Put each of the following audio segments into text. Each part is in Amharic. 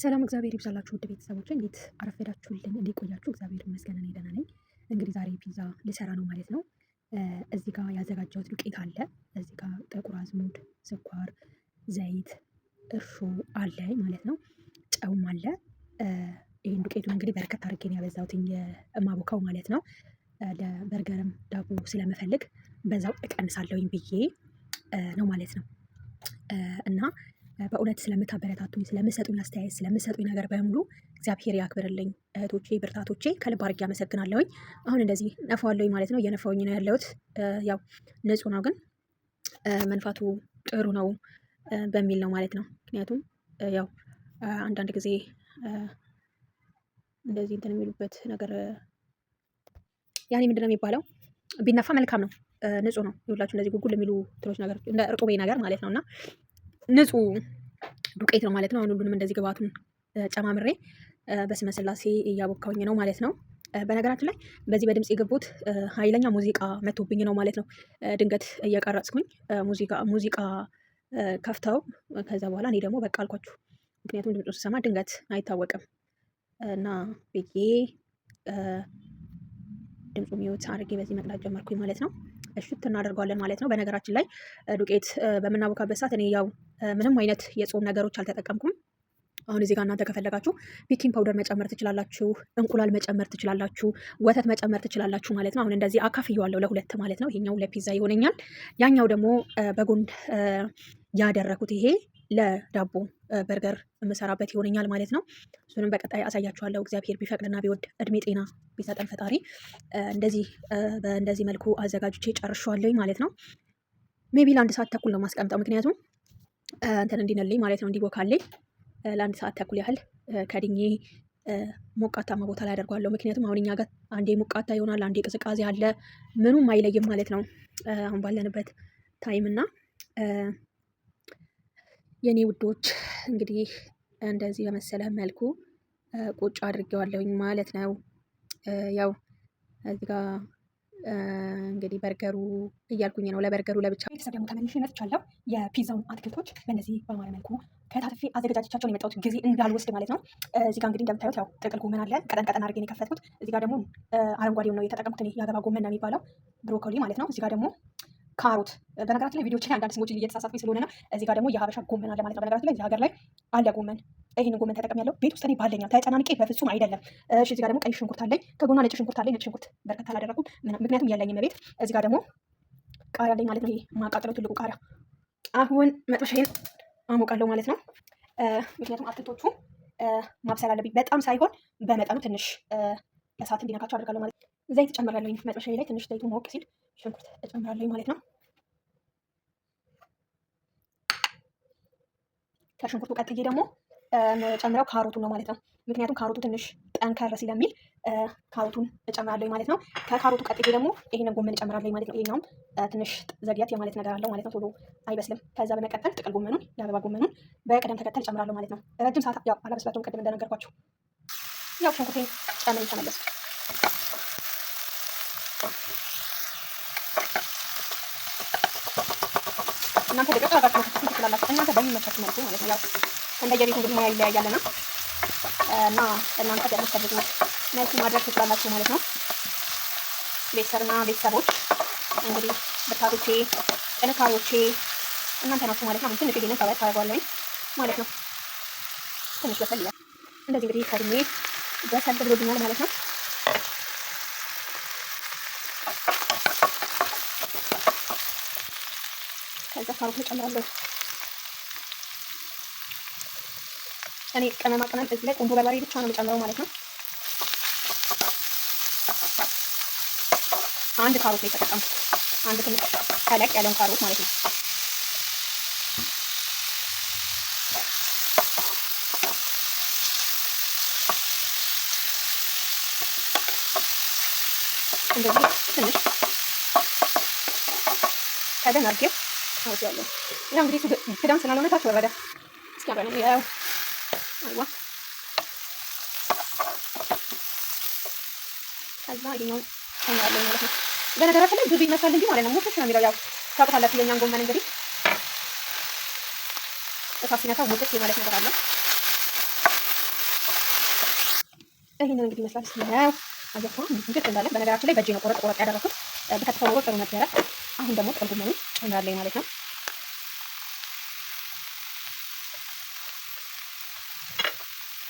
ሰላም እግዚአብሔር ይብዛላችሁ ውድ ቤተሰቦች፣ እንዴት አረፈዳችሁልኝ? እንዴት ቆያችሁ? እግዚአብሔር ይመስገን እኔ ደህና ነኝ። እንግዲህ ዛሬ ፒዛ ልሰራ ነው ማለት ነው። እዚህ ጋር ያዘጋጀሁት ዱቄት አለ። እዚህ ጋር ጥቁር አዝሙድ፣ ስኳር፣ ዘይት፣ እርሾ አለ ማለት ነው። ጨውም አለ። ይህን ዱቄቱን እንግዲህ በርከት ነው ያበዛሁትኝ የማቦካው ማለት ነው። ለበርገርም ዳቦ ስለመፈልግ በዛው እቀንሳለሁኝ ብዬ ነው ማለት ነው እና በእውነት ስለምታበረታቱኝ ስለምሰጡኝ አስተያየት ስለምሰጡኝ ነገር በሙሉ እግዚአብሔር ያክብርልኝ። እህቶቼ ብርታቶቼ ከልብ አድርጌ አመሰግናለሁኝ። አሁን እንደዚህ ነፋዋለሁኝ ማለት ነው። እየነፋውኝ ነው ያለሁት። ያው ንጹህ ነው ግን መንፋቱ ጥሩ ነው በሚል ነው ማለት ነው። ምክንያቱም ያው አንዳንድ ጊዜ እንደዚህ እንትን የሚሉበት ነገር ያኔ ምንድነው የሚባለው? ቢነፋ መልካም ነው፣ ንጹህ ነው። ይኸውላችሁ እንደዚህ ጉጉል የሚሉ ትሎች ነገር እንደ እርጡቤ ነገር ማለት ነው እና ንጹህ ዱቄት ነው ማለት ነው። አሁን ሁሉንም እንደዚህ ግብአቱን ጨማምሬ በስመ ስላሴ ነው ማለት ነው። በነገራችን ላይ በዚህ በድምፅ የገቡት ኃይለኛ ሙዚቃ መቶብኝ ነው ማለት ነው። ድንገት እየቀረጽኩኝ ሙዚቃ ከፍተው ከዛ በኋላ እኔ ደግሞ በቃ አልኳችሁ። ምክንያቱም ድምፁ ስሰማ ድንገት አይታወቅም እና ብዬ ድምፁ ሚወት አድርጌ በዚህ መቅዳት ጀመርኩኝ ማለት ነው። እሽት እናደርገዋለን ማለት ነው። በነገራችን ላይ ዱቄት በምናቦካበት ሰዓት እኔ ያው ምንም አይነት የጾም ነገሮች አልተጠቀምኩም። አሁን እዚህ ጋር እናንተ ከፈለጋችሁ ቤኪንግ ፓውደር መጨመር ትችላላችሁ፣ እንቁላል መጨመር ትችላላችሁ፣ ወተት መጨመር ትችላላችሁ ማለት ነው። አሁን እንደዚህ አካፍየዋለሁ ለሁለት ማለት ነው። ይሄኛው ለፒዛ ይሆነኛል፣ ያኛው ደግሞ በጎን ያደረኩት ይሄ ለዳቦ በርገር የምሰራበት ይሆነኛል ማለት ነው። እሱንም በቀጣይ አሳያችኋለሁ። እግዚአብሔር ቢፈቅድና ቢወድ እድሜ ጤና ቢሰጠን ፈጣሪ እንደዚህ በእንደዚህ መልኩ አዘጋጅቼ ጨርሸዋለኝ ማለት ነው። ሜቢ ለአንድ ሰዓት ተኩል ነው ማስቀምጠው ምክንያቱም እንትን እንዲነልኝ ማለት ነው እንዲቦካልኝ ለአንድ ሰዓት ተኩል ያህል ከድኜ ሞቃታማ ቦታ ላይ አደርጓለሁ። ምክንያቱም አሁን እኛ ጋር አንዴ ሞቃታ ይሆናል፣ አንዴ ቅዝቃዜ አለ። ምኑም አይለይም ማለት ነው አሁን ባለንበት ታይም እና የኔ ውዶች እንግዲህ እንደዚህ በመሰለ መልኩ ቁጭ አድርጌዋለሁኝ ማለት ነው። ያው እዚህ ጋር እንግዲህ በርገሩ እያልኩኝ ነው። ለበርገሩ ለብቻ ቤተሰብ ደግሞ ተመልሼ መጥቻለሁ። የፒዛውን አትክልቶች በእነዚህ በማለ መልኩ ከታትፌ አዘገጃጀቻቸውን የመጣሁት ጊዜ እንዳልወስድ ማለት ነው። እዚህ ጋ እንግዲህ እንደምታዩት ያው ጥቅል ጎመን አለ። ቀጠን ቀጠን አድርጌ የከፈትኩት። እዚህ ጋር ደግሞ አረንጓዴው ነው የተጠቀምኩት፣ የአገባ ጎመን ነው የሚባለው፣ ብሮኮሊ ማለት ነው። እዚህ ጋር ደግሞ ካሮት በነገራችን ላይ ቪዲዮችን አንዳንድ ስሞችን እየተሳሳትኩኝ ስለሆነ ነው። እዚህ ጋር ደግሞ የሀበሻ ጎመን አለ ማለት ነው። በነገራችን ላይ እዚህ ሀገር ላይ አለ ጎመን። ይህን ጎመን ተጠቀም ያለው ቤት ውስጥ እኔ ባለኛል ተጨናንቄ በፍጹም አይደለም። እሺ እዚህ ጋር ደግሞ ቀይ ሽንኩርት አለኝ፣ ከጎኗ ነጭ ሽንኩርት አለኝ። ነጭ ሽንኩርት በርከት አላደረኩም ምክንያቱም ያለኝም ቤት። እዚህ ጋር ደግሞ ቃሪያ አለኝ ማለት ነው። ይሄ ማቃጠለው ትልቁ ቃሪያ። አሁን መጥበሻዬን አሞቃለሁ ማለት ነው። ምክንያቱም አትክልቶቹ ማብሰል አለብኝ። በጣም ሳይሆን በመጠኑ ትንሽ እሳት እንዲነካቸው አድርጋለሁ ማለት ነው። ዘይት ጨምራለሁ መጥበሻዬ ላይ ትንሽ ዘይቱ መወቅ ሲል ሽንኩርት እጨምራለሁ ማለት ነው። ከሽንኩርቱ ቀጥዬ ደግሞ ጨምረው ካሮቱ ነው ማለት ነው። ምክንያቱም ካሮቱ ትንሽ ጠንከር ሲለሚል ካሮቱን እጨምራለሁ ማለት ነው። ከካሮቱ ቀጥዬ ደግሞ ይህን ጎመን እጨምራለሁ ማለት ነው። ይሄኛውም ትንሽ ዘግየት የማለት ነገር አለው ማለት ነው። ቶሎ አይበስልም። ከዛ በመቀጠል ጥቅል ጎመኑን፣ የአበባ ጎመኑን በቅደም ተከተል እጨምራለሁ ማለት ነው። ረጅም ሰዓት ያው አላበስላቸውም ቅድም እንደነገርኳቸው ያው ሽንኩርቴን ጨምሬ ተመለስኩ። እናንተ ደግሞ ራሳችሁ መስራት ትችላላችሁ። እናንተ በሚመቻችሁ መልኩ ማለት ነው። ያው እንደየቤቱ ግን ሙያ ይለያያልና እና እናንተ በምትፈልጉ መልኩ ማድረግ ትችላላችሁ ማለት ነው። ቤተሰብና ቤተሰቦች እንግዲህ ብርታቶቼ፣ ጥንካሬዎቼ እናንተ ናችሁ ማለት ነው። አሁን ትንሽ ይሄንን ሰበት ታደርገዋለሁ ማለት ነው። ትንሽ በሰል ይላል እንደዚህ እንግዲህ ከድሜ በሰል ብሎብኛል ማለት ነው። ከዛ ካሮት እጨምራለሁ። እኔ ቅመማ ቅመም እዚህ ላይ ቁንዶ በርበሬ ብቻ ነው የምጨምረው ማለት ነው። አንድ ካሮት ላይ ተጠቀምኩ። አንድ ትንሽ ተለቅ ያለውን ካሮት ማለት ነው። እንደዚህ ትንሽ ከደን አድርጌው ታውት ያለው እና እንግዲህ ክዳን ስላልሆነ ታች ወረደ። እስኪያምር ነው ያው አይዋ። ከዛ ይሄኛው ነው ማለት ነው። በነገራችን ላይ ብዙ ይመስላል እንጂ ማለት ነው ሙትሽ ነው የሚለው ያው ታውቃላችሁ፣ የኛን ጎመን እንግዲህ እሳት ሲነካው ሙትሽ የማለት ነገር አለ። ነው እንግዲህ ይመስላል ስናየው አያቷ እንግዲህ እንዳለ በነገራችን ላይ በእጄ ነው ቆረጥ ቆረጥ ያደረኩት። በከተፈ ኖሮ ነው ነበረ። አሁን ደግሞ ጥቅል ጨምራለሁ ማለት ነው።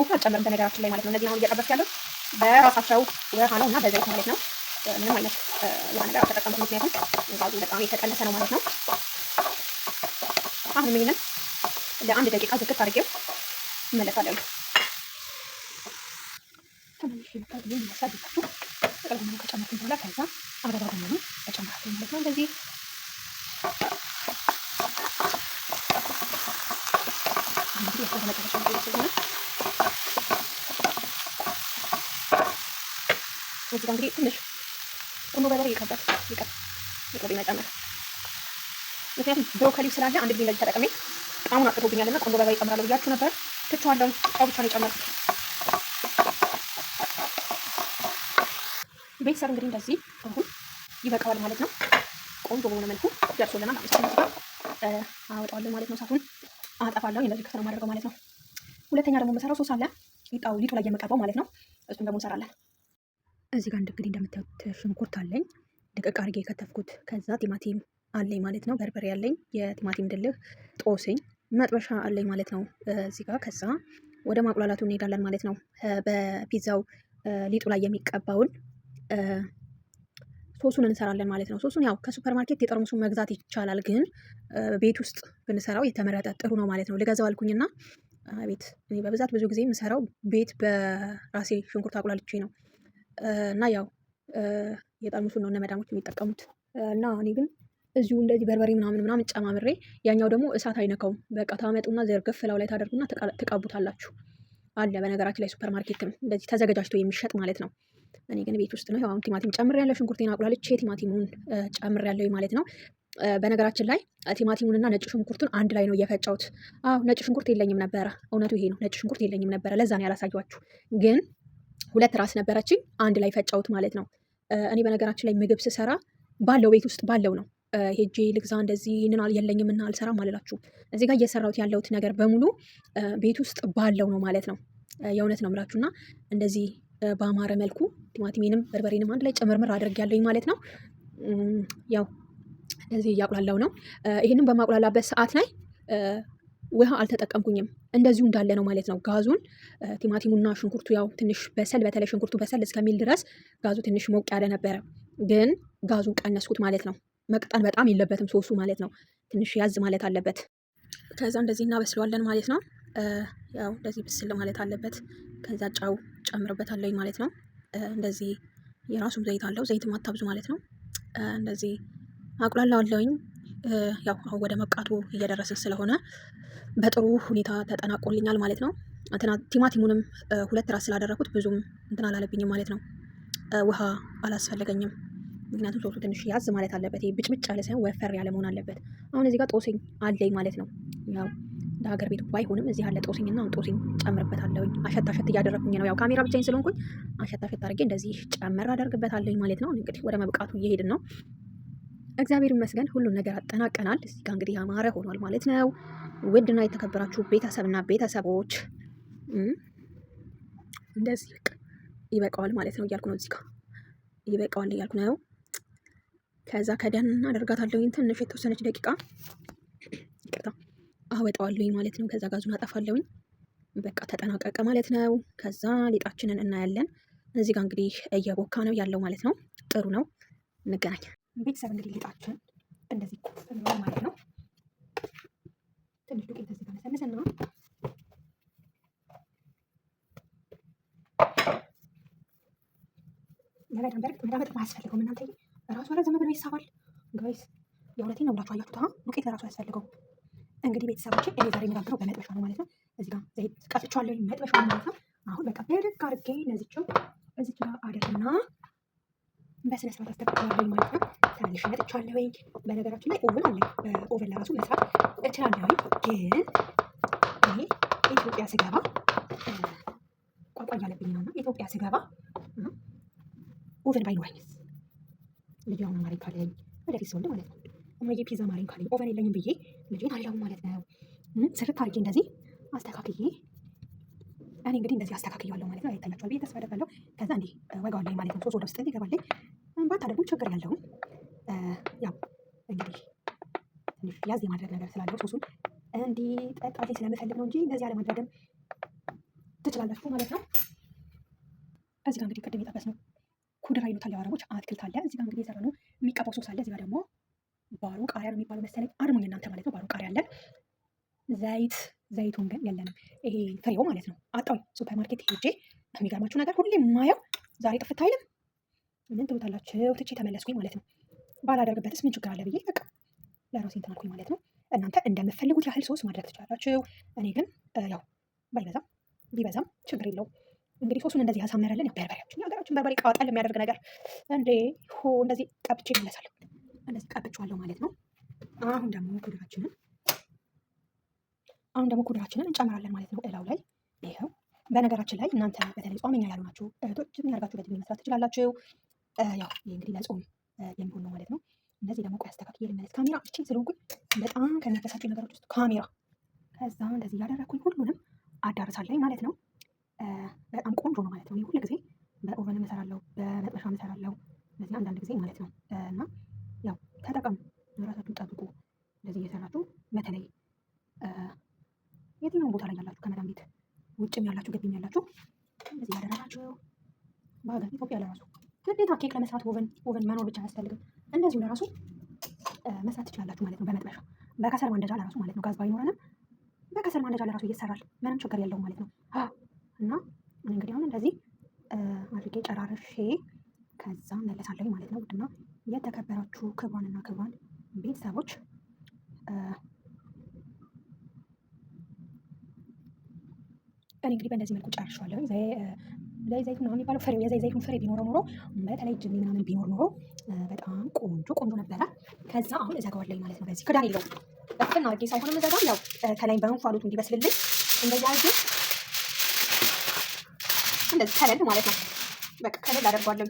ውሃ አልጨምርም በነገራችን ላይ ማለት ነው። እነዚህ አሁን እየጠበስኩ ያለው በራሳቸው ውሃ ነው እና በዘይት ማለት ነው። ምንም አይነት ውሃ ነገር አልተጠቀምኩም፣ ምክንያቱም ጋዙ በጣም የተቀነሰ ነው ማለት ነው። አሁን ይህንን ለአንድ ደቂቃ ዝቅት አድርጌው እመለሳለሁ። ትንሽ ይታየኝ ያሳድጋችሁ ቀለሙ ከጨመርኩኝ በኋላ ከዛ አረባ ጎመኑ እጨምራለሁ ማለት ነው እንደዚህ እንግዲህ ያስተመለቀለሽ ስለሆነ እዚህ ጋር እንግዲህ ትንሽ ቁርሞ በርበሬ ይቀባል ይቀብ ይቀብ ይመጨመር። ምክንያቱም ብሮኮሊ ስላለ አንድ ጊዜ እንደዚህ ተጠቅሜ ጣሙን አጥቶብኛልና ቁርሞ በርበሬ እጨምራለሁ ብያችሁ ነበር። ትቼዋለሁ። ጨው ብቻ ነው የጨመርኩት። ቤተሰብ እንግዲህ እንደዚህ አሁን ይበቃዋል ማለት ነው። ቆንጆ በሆነ መልኩ ደርሶልናል። አወጣዋለሁ ማለት ነው። እሳቱን አጠፋለሁ። እንደዚህ ከፍተን ማድረገው ማለት ነው። ሁለተኛ ደግሞ መሰራው ሶስ አለ ሊጣው ሊጡ ላይ የምቀባው ማለት ነው። እሱን ደግሞ እንሰራለን። እዚህ ጋር እንግዲህ እንደምታዩት ሽንኩርት አለኝ ድቅቅ አድርጌ የከተፍኩት። ከዛ ቲማቲም አለኝ ማለት ነው። በርበሬ አለኝ፣ የቲማቲም ድልህ ጦስኝ፣ መጥበሻ አለኝ ማለት ነው እዚህ ጋር። ከዛ ወደ ማቁላላቱ እንሄዳለን ማለት ነው። በፒዛው ሊጡ ላይ የሚቀባውን ሶሱን እንሰራለን ማለት ነው። ሶሱን ያው ከሱፐር ማርኬት የጠርሙሱን መግዛት ይቻላል፣ ግን ቤት ውስጥ ብንሰራው የተመረጠ ጥሩ ነው ማለት ነው። ልገዛው አልኩኝና ቤት እኔ በብዛት ብዙ ጊዜ የምሰራው ቤት በራሴ ሽንኩርት አቁላልቼ ነው። እና ያው የጠርሙሱን ነው እነ መዳሞች የሚጠቀሙት እና እኔ ግን እዚሁ እንደዚህ በርበሬ ምናምን ምናምን ጨማምሬ ያኛው ደግሞ እሳት አይነካውም። በቃ ታመጡና ዘርገፍ ላው ላይ ታደርጉና ትቀቡታላችሁ። አለ በነገራችን ላይ ሱፐር ማርኬትም እንደዚህ ተዘገጃጅቶ የሚሸጥ ማለት ነው። እኔ ግን ቤት ውስጥ ነው። ያው አሁን ቲማቲም ያለው ሽንኩርቴን አቁላልቼ ቲማቲሙን ያለው ማለት ነው። በነገራችን ላይ ቲማቲሙንና ነጭ ሽንኩርቱን አንድ ላይ ነው እየፈጨሁት። አዎ ነጭ ሽንኩርት የለኝም ነበረ፣ እውነቱ ይሄ ነው። ነጭ ሽንኩርት የለኝም ነበረ፣ ለዛ ነው ያላሳየኋችሁ ግን ሁለት ራስ ነበረችኝ፣ አንድ ላይ ፈጫሁት ማለት ነው። እኔ በነገራችን ላይ ምግብ ስሰራ ባለው ቤት ውስጥ ባለው ነው ሄጄ ልግዛ እንደዚህ ይህንን የለኝም እና አልሰራም አልላችሁ። እዚህ ጋር እየሰራሁት ያለሁት ነገር በሙሉ ቤት ውስጥ ባለው ነው ማለት ነው። የእውነት ነው የምላችሁና እንደዚህ በአማረ መልኩ ቲማቲሜንም በርበሬንም አንድ ላይ አድርግ ያለኝ ማለት ነው። ያው እንደዚህ እያቁላለው ነው። ይህንም በማቁላላበት ሰዓት ላይ ውሃ አልተጠቀምኩኝም። እንደዚሁ እንዳለ ነው ማለት ነው። ጋዙን ቲማቲሙና ሽንኩርቱ ያው ትንሽ በሰል በተለይ ሽንኩርቱ በሰል እስከሚል ድረስ ጋዙ ትንሽ ሞቅ ያለ ነበረ፣ ግን ጋዙን ቀነስኩት ማለት ነው። መቅጠን በጣም የለበትም ሶሱ ማለት ነው። ትንሽ ያዝ ማለት አለበት። ከዛ እንደዚህ እናበስለዋለን ማለት ነው። ያው እንደዚህ ብስል ማለት አለበት። ከዛ ጨው ጨምርበታለሁ ማለት ነው። እንደዚህ የራሱም ዘይት አለው። ዘይትም አታብዙ ማለት ነው። እንደዚህ አቁላላዋለሁኝ። ያው አሁን ወደ መብቃቱ እየደረስን ስለሆነ በጥሩ ሁኔታ ተጠናቆልኛል ማለት ነው። ቲማቲሙንም ሁለት ራስ ስላደረኩት ብዙም እንትን አላለብኝም ማለት ነው። ውሃ አላስፈለገኝም። ምክንያቱም ሶሱ ትንሽ ያዝ ማለት አለበት። ይሄ ብጭብጭ ያለ ሳይሆን ወፈር ያለ መሆን አለበት። አሁን እዚህ ጋር ጦስኝ አለኝ ማለት ነው። ያው እንደ ሀገር ቤቱ ባይሆንም እዚህ ያለ ጦስኝ እና ጦስኝ ጨምርበታለሁኝ። አሸት አሸት እያደረኩኝ ነው። ያው ካሜራ ብቻኝ ስለሆንኩኝ አሸት አሸት አድርጌ እንደዚህ ጨምር አደርግበታለሁኝ ማለት ነው። እንግዲህ ወደ መብቃቱ እየሄድን ነው። እግዚአብሔር ይመስገን ሁሉን ነገር አጠናቀናል። እዚህ ጋር እንግዲህ ያማረ ሆኗል ማለት ነው። ውድና የተከበራችሁ ቤተሰብና ቤተሰቦች እንደዚህ ይበቃዋል ማለት ነው እያልኩ ነው። እዚህ ጋር ይበቃዋል እያልኩ ነው። ከዛ ከደን አደርጋታለሁኝ ትንሽ የተወሰነች ደቂቃ ይቅርታ አወጣዋለሁኝ ማለት ነው። ከዛ ጋዙን አጠፋለሁኝ። በቃ ተጠናቀቀ ማለት ነው። ከዛ ሊጣችንን እናያለን። እዚህ ጋር እንግዲህ እየቦካ ነው ያለው ማለት ነው። ጥሩ ነው። እንገናኝ ቤተሰብ እንግዲህ ሊጣችን እንደዚህ ቁፍ ብሏል ማለት ነው። ትንሽ ዱቄት እዚህ ጋር ነሰንስና ለበጣም በርግጥ መዳመጥም አያስፈልገውም እናንተ ራሱ ረ ዘመድ ነው ይሳባል። ጋይስ የእውነቴን ነው ብላችሁ አያችሁት። ዱቄት በራሱ አያስፈልገውም። እንግዲህ ቤተሰቦቼ እኔ ዛሬ የምጋግረው በመጥበሻ ነው ማለት ነው። እዚህ ጋር ዘይት ቀጥቼዋለሁ መጥበሻ ማለት ነው። አሁን በቃ በደግ አድርጌ ነዝቼው እዚች ጋር አደርግና በስነ ስርዓት አስተካክላለሁ ማለት ነው። መልሼ መጥቻለሁኝ። በነገራችን ላይ ኦቨን አለ፣ በኦቨን ለራሱ መስራት እችላለሁኝ። ግን እኔ ኢትዮጵያ ስገባ ቋንቋ እያለብኝ ነው እና ኢትዮጵያ ስገባ ኦቨን ባይኖረኝስ ልጅ አሁን ማረኝ ካለኝ ወደፊት ስወልድ ማለት ነው እማዬ ፒዛ ማረኝ ካለኝ ኦቨን የለኝም ብዬ ልጅን አለሁ ማለት ነው። ስርት አድርጌ እንደዚህ አስተካክዬ እኔ እንግዲህ እንደዚህ አስተካክያለሁ ማለት ነው። አይታያቸዋል ብዬ ተስፋ አደርጋለሁ። ከዛ እንዲህ ወጋዋለኝ ማለት ነው። ሶስት ወደ ውስጥ ይገባለኝ። ባታደርጉ ችግር ያለውም ያው እንግዲህ ትንሽ ያዝ የማድረግ ነገር ስላለው ሶሱን እንዲጠጣልኝ ስለምፈልግ ነው እንጂ እንደዚህ አለማድረግም ትችላላችሁ ማለት ነው። እዚህ ጋር እንግዲህ ቅድም ነው ኩድራ ይሉታል የአረቦች አትክልት አለ። እዚህ ጋር እንግዲህ የሰራነው የሚቀባው ሶስ አለ። እዚህ ጋር ደግሞ ባሮ ቃሪያ ነው የሚባለው መሰለኝ፣ አርሙኝ እናንተ ማለት ነው። ባሮ ቃሪያ አለ። ዘይት ዘይቱን ግን የለንም፣ ይሄ ፍሬው ማለት ነው። አጣው ሱፐር ማርኬት ሄጄ የሚገርማችሁ ነገር ሁሌ ማየው ዛሬ ጥፍት አይልም። ምን ትሉታላችሁ? ትቼ ተመለስኩኝ ማለት ነው። ባላደርግበትስ ምን ችግር አለ ብዬ በቃ ለራሴ እንትን ማለት ነው። እናንተ እንደምፈልጉት ያህል ሶስ ማድረግ ትችላላችሁ። እኔ ግን ያው ባይበዛም ቢበዛም ችግር የለው። እንግዲህ ሶሱን እንደዚህ ያሳመረልን ያው በርበሬያችን የሀገራችን በርበሬ ቃጠል የሚያደርግ ነገር እንዴ ሆ እንደዚህ ቀብቼ ይመለሳል። እንደዚህ ቀብቼዋለሁ ማለት ነው። አሁን ደግሞ ኩዳችንን አሁን ደግሞ ኩዳችንን እንጨምራለን ማለት ነው እላው ላይ ይኸው በነገራችን ላይ እናንተ በተለይ ጾመኛ ያልሆናችሁ እህቶች ምን ያርጋችሁ በዚህ መስራት ትችላላችሁ። ያው ይህ እንግዲህ ለጾም የሚሆን ነው ማለት ነው። እነዚህ ደግሞ ቆይ አስተካክዬ ልመለስ። ካሜራ እችን ስለሆንኩኝ በጣም ከሚያፈሳቸው ነገሮች ውስጥ ካሜራ። ከዛ እንደዚህ እያደረግኩኝ ሁሉንም አዳርሳለኝ ማለት ነው። በጣም ቆንጆ ነው ማለት ነው። ሁሉ ጊዜ በኦቨን እሰራለሁ፣ በመጥበሻ እሰራለሁ፣ እነዚህ አንዳንድ ጊዜ ማለት ነው እና ያው ተጠቀሙ። ኬክ ለመስራት ኦቨን ኦቨን መኖር ብቻ አያስፈልግም። እንደዚሁ ለራሱ መስራት ትችላላችሁ ማለት ነው። በመጥበሻ በከሰል ማንደጃ ለራሱ ማለት ነው። ጋዝ ባይኖረንም በከሰል ማንደጃ ለራሱ እየሰራል ምንም ችግር የለውም ማለት ነው። እና እንግዲህ አሁን እንደዚህ አድርጌ ጨራርሼ ከዛ መለሳለሁ ማለት ነው። ውድና የተከበራችሁ ክቡራንና ክቧን ቤተሰቦች እኔ እንግዲህ በእንደዚህ መልኩ ጨርሻለሁ። ላይ ዘይት ምናምን የሚባለው ፍሬው የዘይ ዘይቱን ፍሬ ቢኖረው ኖሮ በተለይ እጅ ምናምን ቢኖር ኖሮ በጣም ቆንጆ ቆንጆ ነበረ። ከዛ አሁን እዘጋዋለሁ ማለት ነው። በዚህ ክዳን የለውም በፍትና አድርጌ ሳይሆንም እዘጋው ያው ከላይ በእንፋሎቱ እንዲበስልልኝ እንደዚህ አድርጌ እንደዚህ ከለል ማለት ነው። በቃ ከለል አደርጓለሁ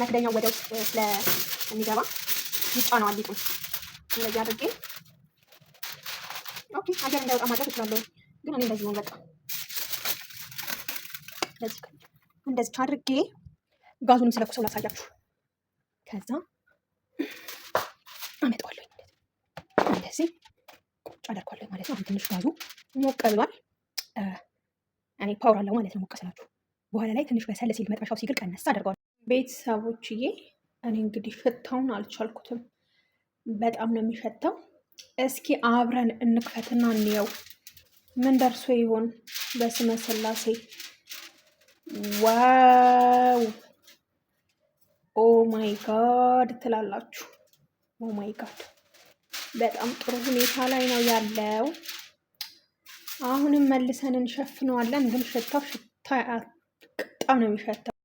መክደኛው ወደ ውስጥ ስለሚገባ ነው ሊጡን እንደዚህ አድርጌ ኦኬ አገር እንዳይወጣ ማድረግ እችላለሁ፣ ግን እኔ እንደዚህ ነው በቃ እንደዚህ እንደዚህ አድርጌ ጋዙንም ስለኩሰው ላሳያችሁ። ከዛ አመጣዋለሁ እንደዚህ ቁጭ አደርጓለሁ ማለት ነው። አሁን ትንሽ ጋዙ ሞቀ ብሏል። እኔ ፓወር አለው ማለት ነው። ሞቀ ስላችሁ በኋላ ላይ ትንሽ በሰለ ሲል መጥበሻው ሲግል ቀነስ አደርጓለሁ። ቤተሰቦችዬ እኔ እንግዲህ ሽታውን አልቻልኩትም። በጣም ነው የሚሸተው እስኪ አብረን እንክፈትና እንየው ምን ደርሶ ይሆን? በስመ ስላሴ ዋው ኦ ማይ ጋድ ትላላችሁ። ኦ ማይ ጋድ በጣም ጥሩ ሁኔታ ላይ ነው ያለው። አሁንም መልሰን እንሸፍነዋለን፣ ግን ሽታው ሽታ በጣም ነው የሚሸታው።